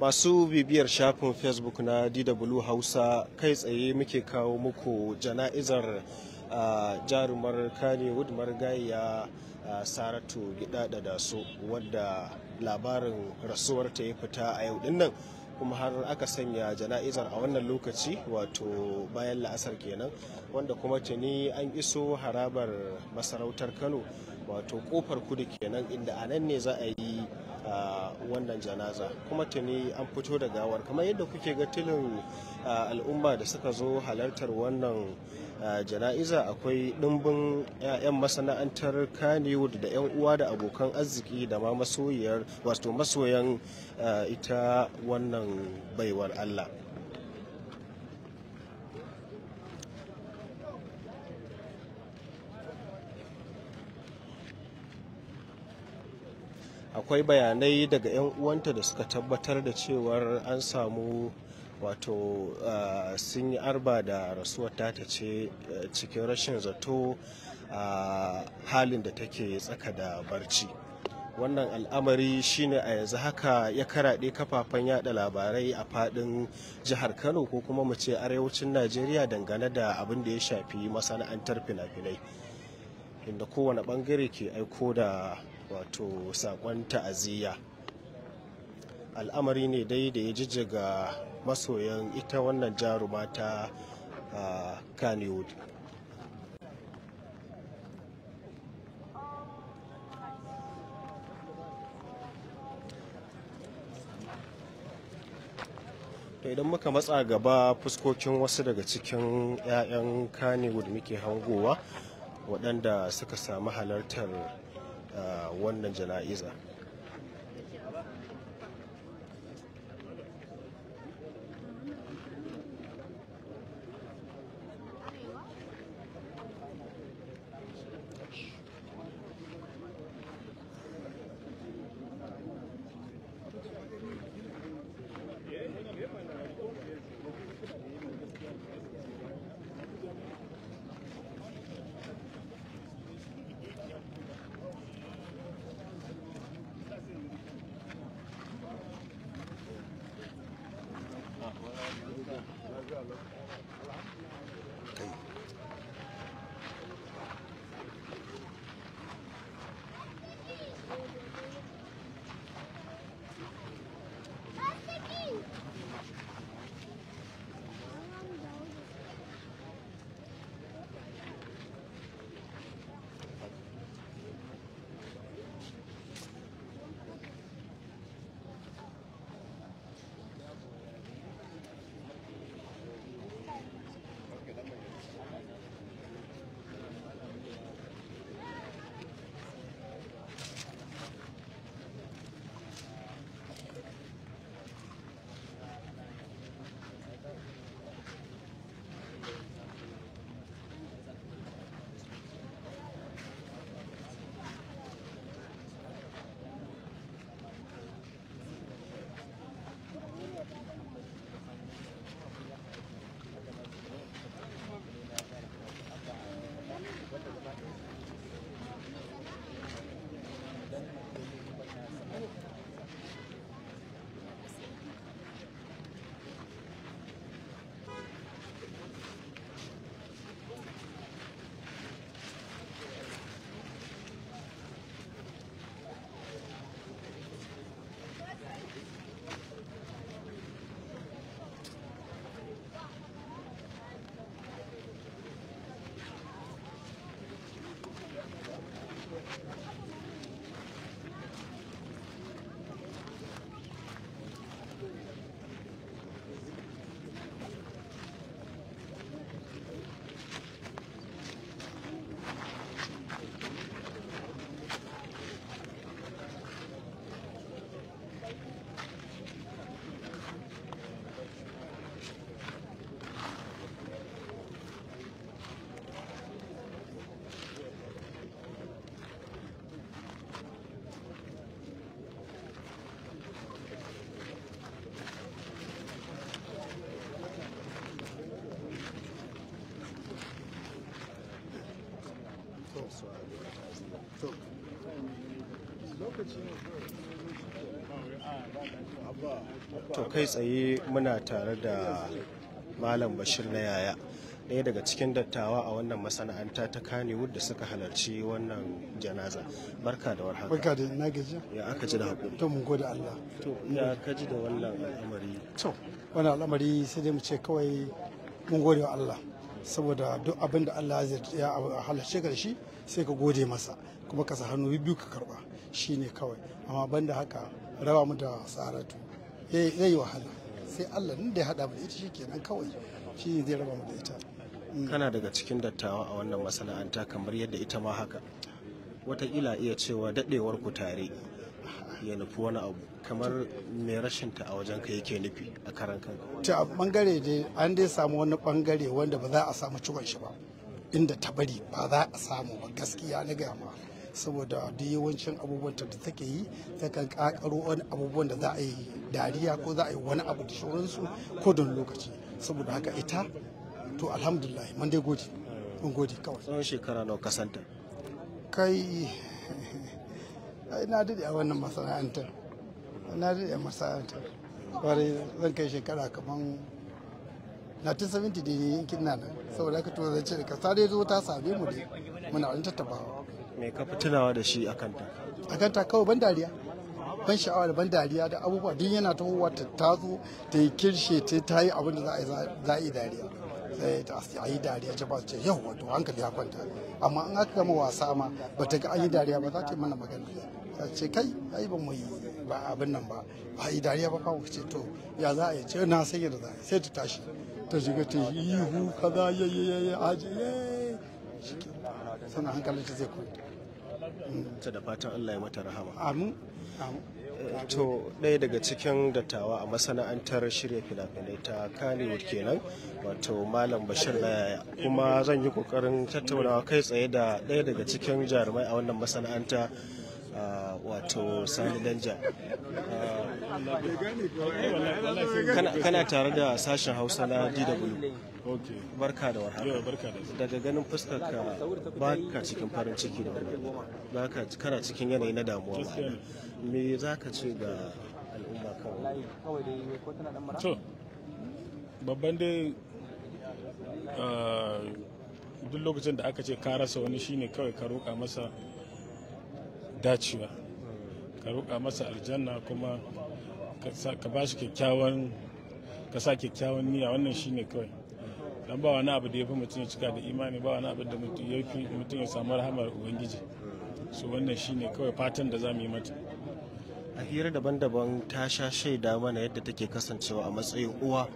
masu bibiyar shafin facebook na dw hausa kai tsaye muke kawo muku jana'izar jarumar kane marigayya uh, saratu gida da su wadda labarin rasuwar ta ya fita a yau dinnan kuma har aka sanya jana'izar a wannan lokaci wato bayan la'asar kenan wanda kuma tuni an iso harabar masarautar kano wato kofar kudu kenan inda a nan ne za a yi wannan janaza kuma tuni an fito da gawar kamar yadda kuke ga tilin al'umma da suka zo halartar wannan jana'iza akwai ɗimbin 'ya'yan masana'antar kaniwood da 'yan uwa da abokan arziki da ma masoyan ita wannan baiwar allah akwai bayanai daga 'yan uwanta da suka tabbatar da cewar an samu wato uh, sun yi arba da rasuwar ta ce eh, cikin rashin zato a ah, halin da take tsaka da barci wannan al'amari shine a yanzu haka ya karaɗe kafafen yada labarai a fadin jihar kano ko kuma mu ce arewacin najeriya dangane da abin da ya shafi masana'antar fina-finai inda kowane bangare ke aiko da wato sakon ta'aziyya al'amari ne dai da ya jijjiga masoyan ita wannan jaruma ta kanewood to idan muka matsa gaba fuskokin wasu daga cikin 'ya'yan kanewood muke hangowa waɗanda suka samu halartar wannan jana'iza to kai tsaye muna tare da malam bashir na yaya ɗaya daga cikin dattawa a wannan masana'anta ta kanewood da suka halarci wannan janaza barka da warhaka barka da na gaji ya aka ji da haƙuri to mun gode Allah to ya aka ji da wannan al'amari to wannan al'amari sai dai mu ce kawai mun gode wa Allah saboda duk abin da Allah ya halarce ka da shi sai ka gode masa kuma ka sa hannu biyu ka karba shine kawai amma banda haka raba mu da saratu eh, zai yi wahala sai Allah da ya hada mu da ita kenan kawai shi zai raba mu da ita mm. kana daga cikin dattawa a wannan masana'anta kamar yadda ita ma haka watakila iya cewa dadewar ku tare ya nufi wani abu kamar mai rashin ta a wajen ka yake nufi a karan kanka ta bangare dai an dai samu wani bangare wanda ba za a samu ciwon shi ba inda ta bari ba za a samu ba gaskiya na ma saboda duk yawancin abubuwan da take yi ta kan kakaro wani abubuwan da za a yi dariya ko za a yi wani abu da shauransu ko don lokaci saboda haka ita to alhamdulillah man dai gode mun gode kawai tsawon shekara nawa kasanta kai na dade a wannan masana'antar na dade a masana'antar kwarai zan kai shekara kaman 1970 da ne yankin nan saboda haka to zai ce ka sare zo ta same mu dai muna wani tattabawa me ka fi tunawa da shi akan ta akan ta kawai ban dariya ban sha'awa da ban dariya da abubuwa duk yana tahowa ta tazo ta yi kirshe ta ta yi abin da za a yi dariya sai eh, ta a yi dariya ta ba ce yau wato hankali ya kwanta amma an aka gama wasa ma ba ta ga an yi dariya ba za ta yi mana magana ta ce kai ai ba mu yi ba abin nan ba ba a yi dariya ba fa ce to ya za a yi ce na sai yadda za a yi sai ta tashi ta shiga ta ihu kaza ya ya ya haji sannan hankalin ta zai kuma ta mm. da fatan Allah ya mata rahama amin eh, to ɗaya daga cikin dattawa a masana'antar shirya fina-finai ta kanewood kenan wato malam bashir na yaya kuma zan yi ƙoƙarin tattaunawa kai tsaye da ɗaya daga cikin jarumai a wannan masana'anta Uh, wato sani danja uh, kana tare da sashen hausa na dw barka da warhaka daga ganin fuskar ka ba ka cikin farin ciki da ba ka kana cikin yanayi na damuwa ba me za ka ce ga al'umma kawai babban dai uh, duk lokacin da aka ce ka rasa wani shine kawai ka roƙa masa dacewa ka roƙa masa aljanna kuma ka ba shi kyakkyawan ka sa kyakkyawan niyya wannan shine kawai dan ba wani abu da ya fi mutum ya cika da imani ba wani abu da mutum ya samu rahamar ubangiji su wannan shine kawai fatan da za mu yi mata a hira daban-daban ta sha shaida mana yadda take kasancewa a matsayin uwa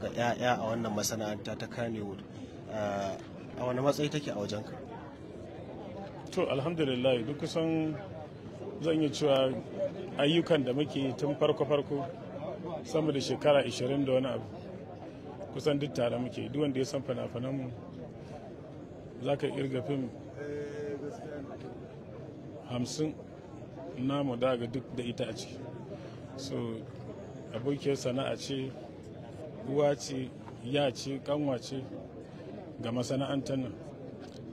ga 'ya'ya a wannan masana'anta ta kanewood ah, a wani matsayi take a wajenka to alhamdulillah duk kusan zan yi cewa ayyukan da muke tun farko-farko sama da shekara 20 da wani abu kusan duk tare muke duk wanda ya san fina mu za ka irga fim 50 namu daga duk da ita a ciki so abokiyar sana'a ce uwa ce ya ce kanwa ce ga masana'antar nan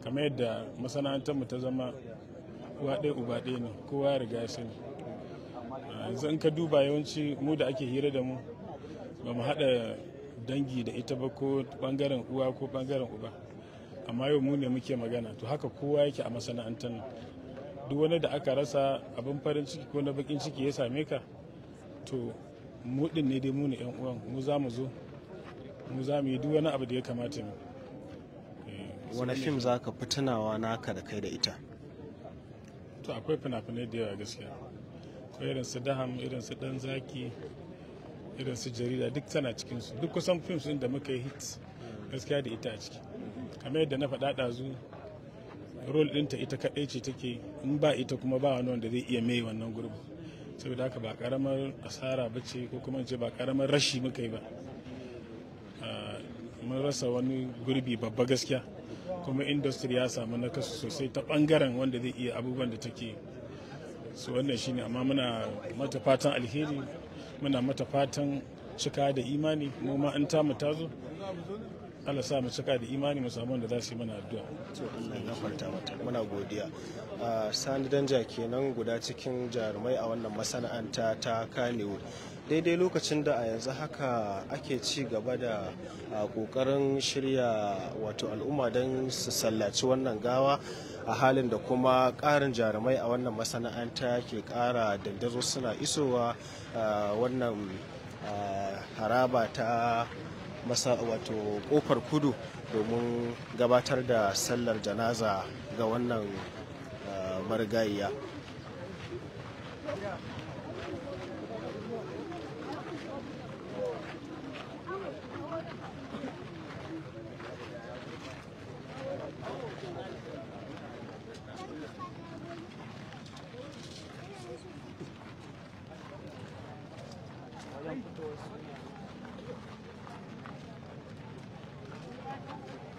kamar yadda masana'antarmu ta zama uwa ɗaya uba ɗaya ne kowa ya riga ya sani ah, yanzu in ka duba yawanci mu da ake hira da mu ba mu haɗa dangi da ita ba ko ɓangaren uwa ko ɓangaren uba amma yau mu ne muke magana to haka kowa yake a masana'antar nan duk wani da aka rasa abin farin ciki ko na bakin ciki ya same ka to mu ɗin ne dai mu ne 'yan uwan mu za mu zo mu za mu yi duk wani abu da ya kamata mu wani fim za ka fi tunawa naka da kai da ita to akwai fina-finai da yawa gaskiya ko irin su daham irin su dan zaki irin su jarida duk tana cikin duk kusan fim sun da muka yi hit gaskiya da ita a ciki kamar yadda na faɗa ɗazu rol ɗinta ita kaɗai ce take in ba ita kuma ba wani wanda zai iya mai wannan gurbi saboda haka ba karamar asara ba ce ko kuma ce ba karamar rashi muka yi ba ah, mun rasa wani gurbi babba gaskiya kuma industry ya samu nakasu sosai ta bangaren wanda zai iya abubuwan da take su wannan shine amma muna mata fatan alheri muna mata fatan cika da imani mu ma an tamu tazo Allah sa mu cika da imani mu samu wanda za su yi mana addu'a to Allah ya gafarta mata muna godiya sani danja kenan guda cikin jarumai a wannan masana'anta ta Kanewood daidai lokacin da a yanzu haka ake ci gaba da kokarin shirya wato al'umma don su sallaci wannan gawa a halin da kuma karin jarumai a wannan masana'anta ke kara dandazo suna isowa wannan haraba ta masa wato kofar kudu domin gabatar da sallar janaza ga wannan ah, marigayiya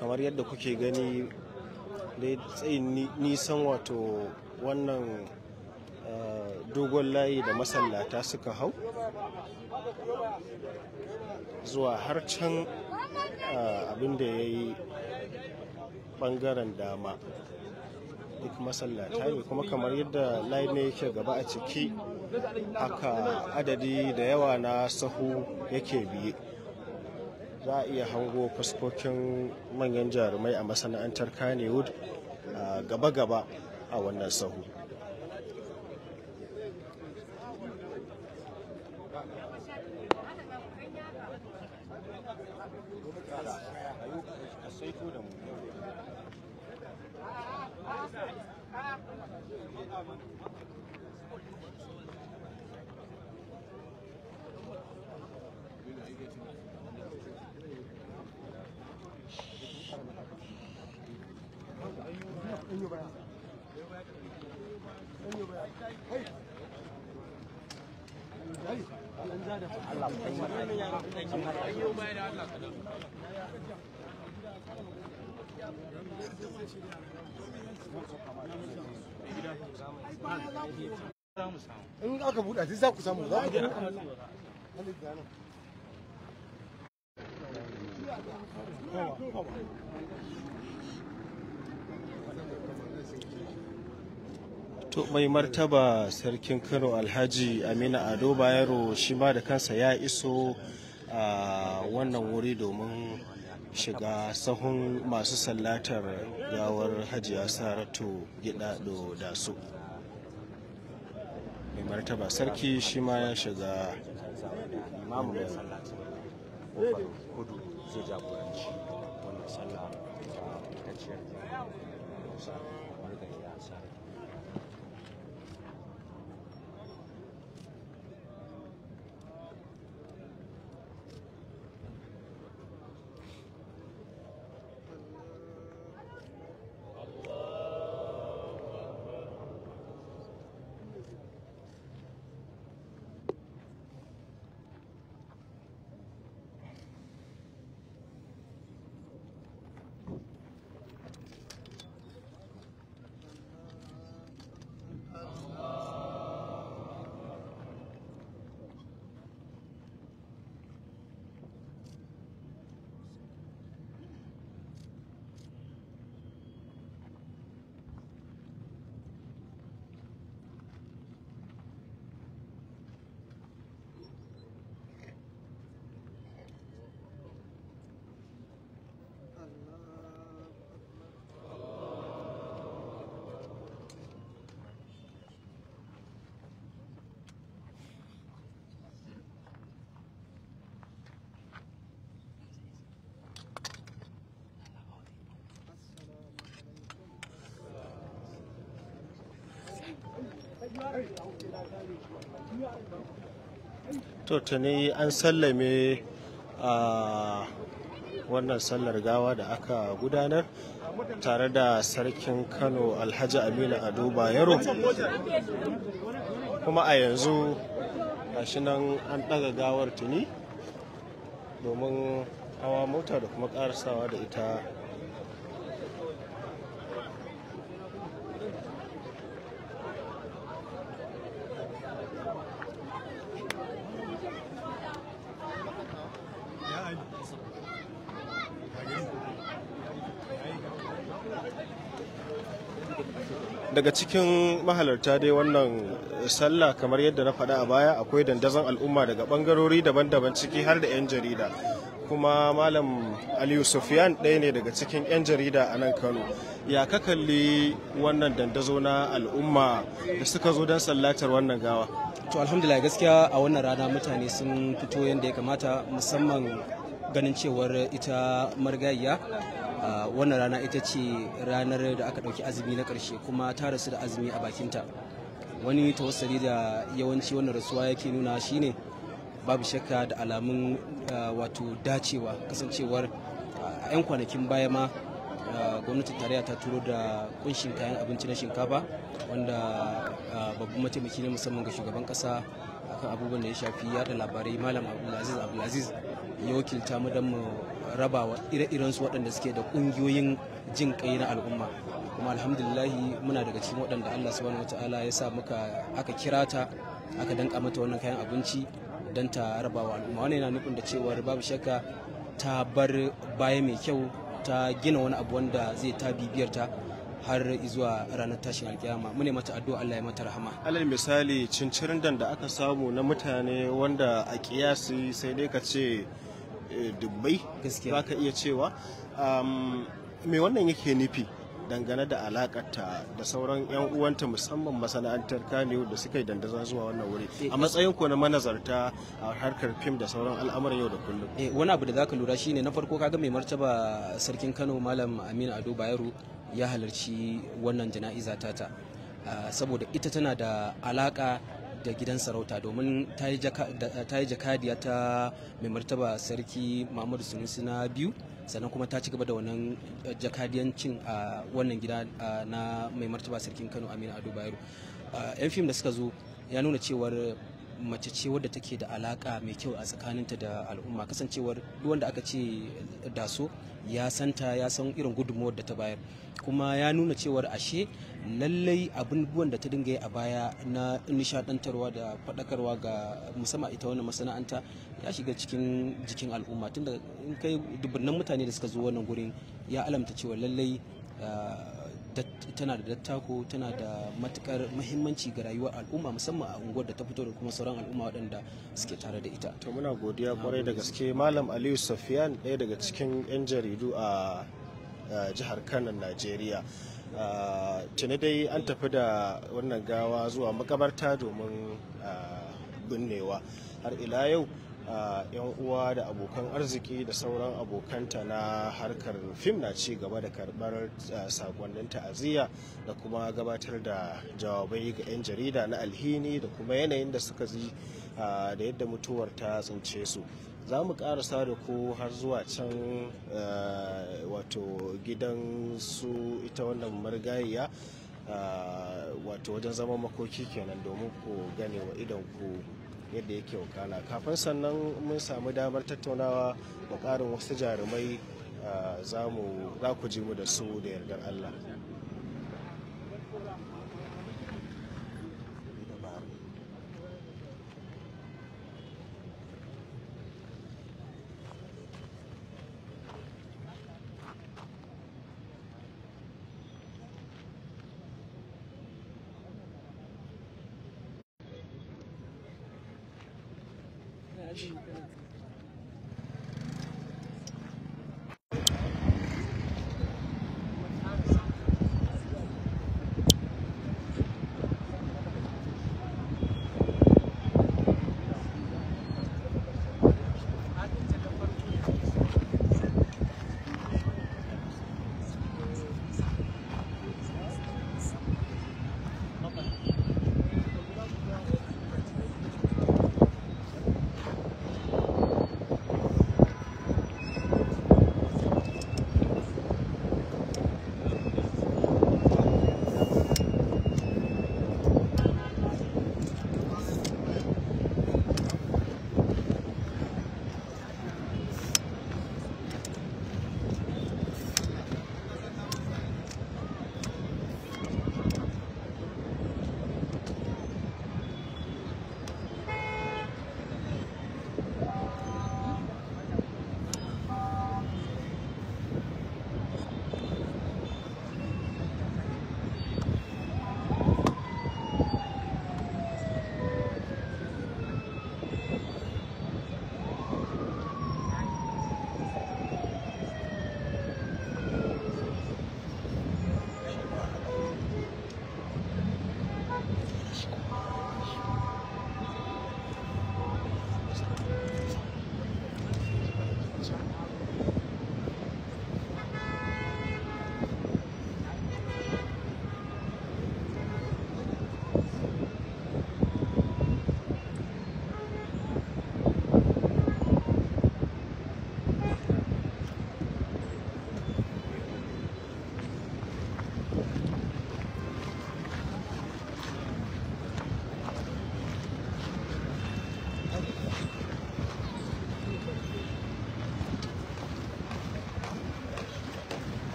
kamar yadda kuke gani dai tsayin nisan wato wannan eh, dogon layi da masallata suka hau zuwa har can eh, abin da ya yi bangaren dama duk masallata ne kuma kamar yadda layi ne yake gaba a ciki haka adadi da yawa na sahu yake biye za a iya hango fuskokin manyan jarumai a masana'antar kanewood ah, gaba-gaba a wannan sahu. in aka buɗa duk za ku samu za ku Come to mai martaba sarkin kano alhaji amina ado bayero shi ma da kansa ya iso a wannan wuri domin shiga sahun masu sallatar gawar hajiya saratu gidado da su mai martaba sarki shi ma ya shiga kudu zai jagoranci wannan sallah to tuni an sallame a wannan sallar gawa da aka gudanar tare da sarkin kano alhaji aminu ado bayero kuma a yanzu gashi nan an ɗaga gawar tuni domin hawa mota da kuma ƙarasawa da ita daga cikin mahalarta dai wannan sallah kamar yadda na faɗa a baya akwai dandazon al'umma daga bangarori daban-daban ciki har da 'yan jarida kuma malam aliyu sufyan ɗaya ne daga cikin 'yan jarida a nan kano ya ka kalli wannan dandazo na al'umma da suka zo don sallatar wannan gawa to alhamdulillah gaskiya a wannan rana mutane sun fito yadda ya kamata musamman ganin cewar ita marigayya wannan rana ita ce ranar da aka ɗauki azumi na ƙarshe kuma ta rasu da azumi a bakinta wani tawassali da yawanci wannan rasuwa yake nuna shine babu shakka da alamun wato dacewa kasancewar a 'yan kwanakin baya ma gwamnatin tarayya ta turo da kunshin kayan abinci na shinkafa wanda babban mataimaki ne musamman ga shugaban kasa akan abubuwan da ya shafi yada labarai malam abdulaziz abdulaziz ya wakilta mu mu raba wa ire-iren su waɗanda suke da ƙungiyoyin jin ƙai na al'umma kuma alhamdulillahi muna daga cikin waɗanda Allah subhanahu ala ya sa muka aka kira ta aka danka mata wannan kayan abinci don ta raba wa al'umma wannan yana nufin da cewa babu shakka ta bar baya mai kyau ta gina wani abu wanda zai ta bibiyar ta har zuwa ranar tashin alkiyama mune mata addu'a Allah ya mata rahama alal misali cincirin da aka samu na mutane wanda a kiyasi sai dai ka ce Eh, dubbai za ka iya cewa me wannan yake nufi dangane da alakarta da sauran 'yan uwanta musamman masana'antar kanewu da suka yi dandazon zuwa wannan wuri eh, a matsayin ko na manazarta a harkar fim da sauran al'amuran yau da kullum eh, wani abu da zaka lura shi ne na farko kaga mai martaba sarkin kano malam aminu ado bayero ya halarci wannan jana'iza tata ah, saboda ita tana da alaka da gidan sarauta domin ta yi jakadiya ta mai martaba sarki Muhammadu Sunusi na biyu sannan kuma ta ci gaba da wannan eh, jakadiyancin a wannan gida na mai martaba sarkin Kano amina Ado Bayero. 'Yan fim da suka zo ya nuna cewar mace ce wadda take da alaka mai kyau a tsakaninta da al'umma kasancewar duk wanda aka ce daso ya santa ya san irin gudunmuwar da ta bayar kuma ya nuna cewar ashe lallai abubuwan da ta dinga yi a baya na nishadantarwa da faɗakarwa ga musamman ita wannan masana'anta ya shiga cikin jikin al'umma da in kai dubunan mutane da suka zo wannan gurin ya alamta cewa lallai ah, tana da dattako tana da matukar mahimmanci ga rayuwar al'umma musamman a unguwar da ta fito da kuma sauran al'umma waɗanda suke tare da ita to muna godiya kwarai da gaske malam aliyu safiyan ɗaya daga cikin 'yan jaridu a jihar kano najeriya tuni dai an tafi da wannan gawa zuwa makabarta domin binnewa har ila yau yan uwa da abokan arziki da sauran abokanta na harkar fim na ci gaba da karbar sakonnin ta'aziyya da kuma gabatar da jawabai ga 'yan jarida na alhini da kuma yanayin da suka ji da yadda mutuwar ta tsince su za mu karasa da ku har zuwa can wato gidan su ita wannan marigayiya wato wajen zaman makoki kenan domin ku gane wa idan ku yadda yake wakana kafin sannan mun samu damar tattaunawa da karin wasu jarumai ah, za ku ji mu da su da yardar allah verdade.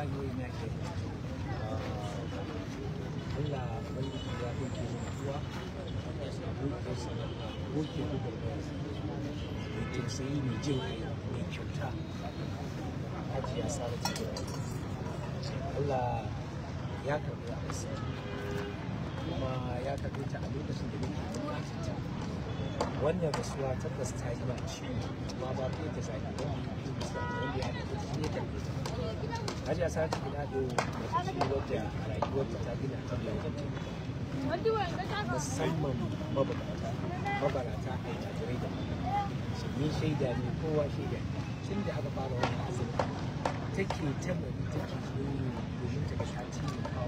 kira ne na ke ah, Allah ubangiji ya ɗauke mu kuwa goke gobe mai tausayi mai jin ya karɓi a kuma ta a lokacin da yake da wannan rasuwa tabbas ta yi ba shi ba ba ko ta yi ba wanda ya ta ta ne ta har ya sa ta gida da shi wanda rayuwar ta ta gina ta da musamman mabarata mabarata a jajirai da ni shaida ne kowa shaida tun da aka fara wani azumi take ta bari take domin ta ga ta taimaka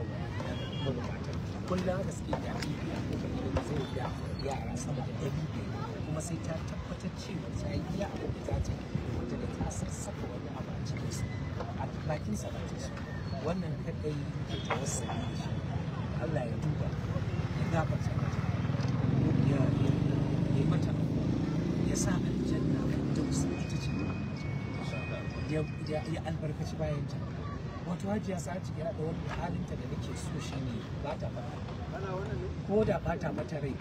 wa mabarata kullum haka suke da bibiya ko kuma zai da yara sama da ɗari kuma sai ta tabbatar cewa ta yi iya abin da ta da ta sassaka wani abu a cikinsa a bakin sa ba wannan kaɗai ke tawassali da Allah ya duba ya gafarta mata ya yi mata ya sa aljanna da wasu ita ce ya albarkaci bayan ta wato hajiya sa'adu ya da wani halin ta da nake so shi ne ba ta fata ko da ba ta mata rai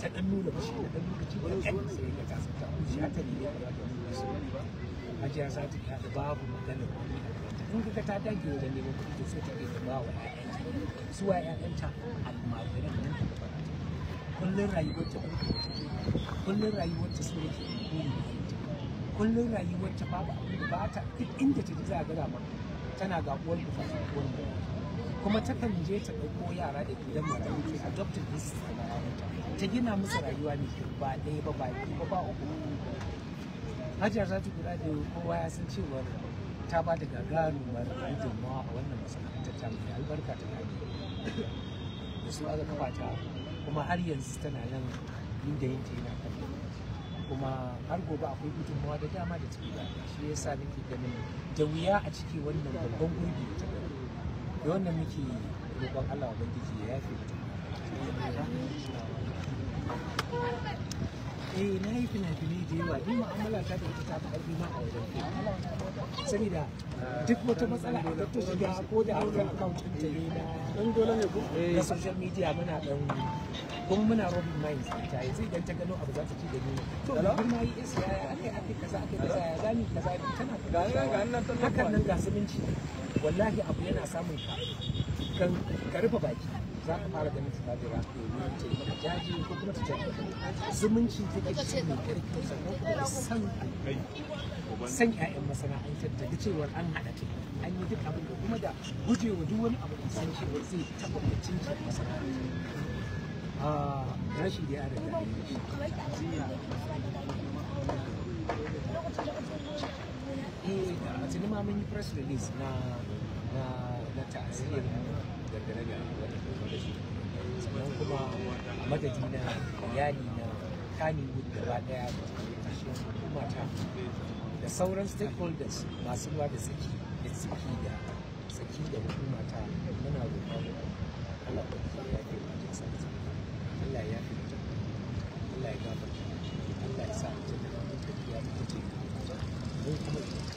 ta dan nuna shi da dan lokaci da yi sai ka tasa ta shi ta ne ya da wani su hajiya sa'adu ya da babu magana in ka ta dage wajen neman kuɗi to sai ta yi ba wa su wa ƴaƴanta almajiran nan da ba kullum rayuwarta ɗauke kullum rayuwarta su ne ke kullum rayuwarta babu abin da ba ta duk inda ta ji za ga ba tana ga uwar ku fasu uwar kuma takan je ta ɗauko yara da gidan marayu ke adopted this ta gina musu rayuwa ne, ba ɗaya ba ba biyu ba ba uku za ta kula da kowa ya san cewa ta ba da gagarumar gudunmawa a wannan masana'antar ta mai albarka ta gani da su aka kafa ta kuma har yanzu tana nan inda yin ta yana kan kuma har gobe akwai gudunmawa da dama da take ba shi yasa nake ganin da wuya a ciki wannan babban gurbi ta gani da wannan muke roƙon Allah wa bangiji ya yafe mutum eh na yi fina-finai da yawa ni mu'amala ta da ita ta fi ma a wajen saboda duk wata matsala a ta shiga ko da aure account ta ne na dan dole ne ko na eh, social media muna dan kuma muna robin mind ta yi sai dan ta gano abu za ta ci da ni to idan na yi isa ya ake ake aka kaza aka kaza ya zani kaza tana ga ga nan hakan nan ga zumunci wallahi abu yana samun ka ka rufe baki za ka fara ganin sinadara domin ce yi jaji ko kuma ta jaji zumunci ke ce mai karfi sannan kuma san san ƴaƴan masana'antar da cewar an haɗa ta an yi duk abin da kuma da gujewa duk wani abu da san cewa zai taɓa mutum ke masana'antar ah, rashi da ya riga da eh a sinima mun yi press release na na na ta'aziyar dangane da wata kuma da sannan kuma a madadi na iyali na kaniwood gaba daya da ƙarshen hukumata da sauran stakeholders masu ruwa da tsaki da tsaki da tsaki da hukumata muna roƙon Allah ya yafe mata sa Allah ya yafe mata Allah ya gafarta Allah ya sa ta da mutum ya mutum mun kuma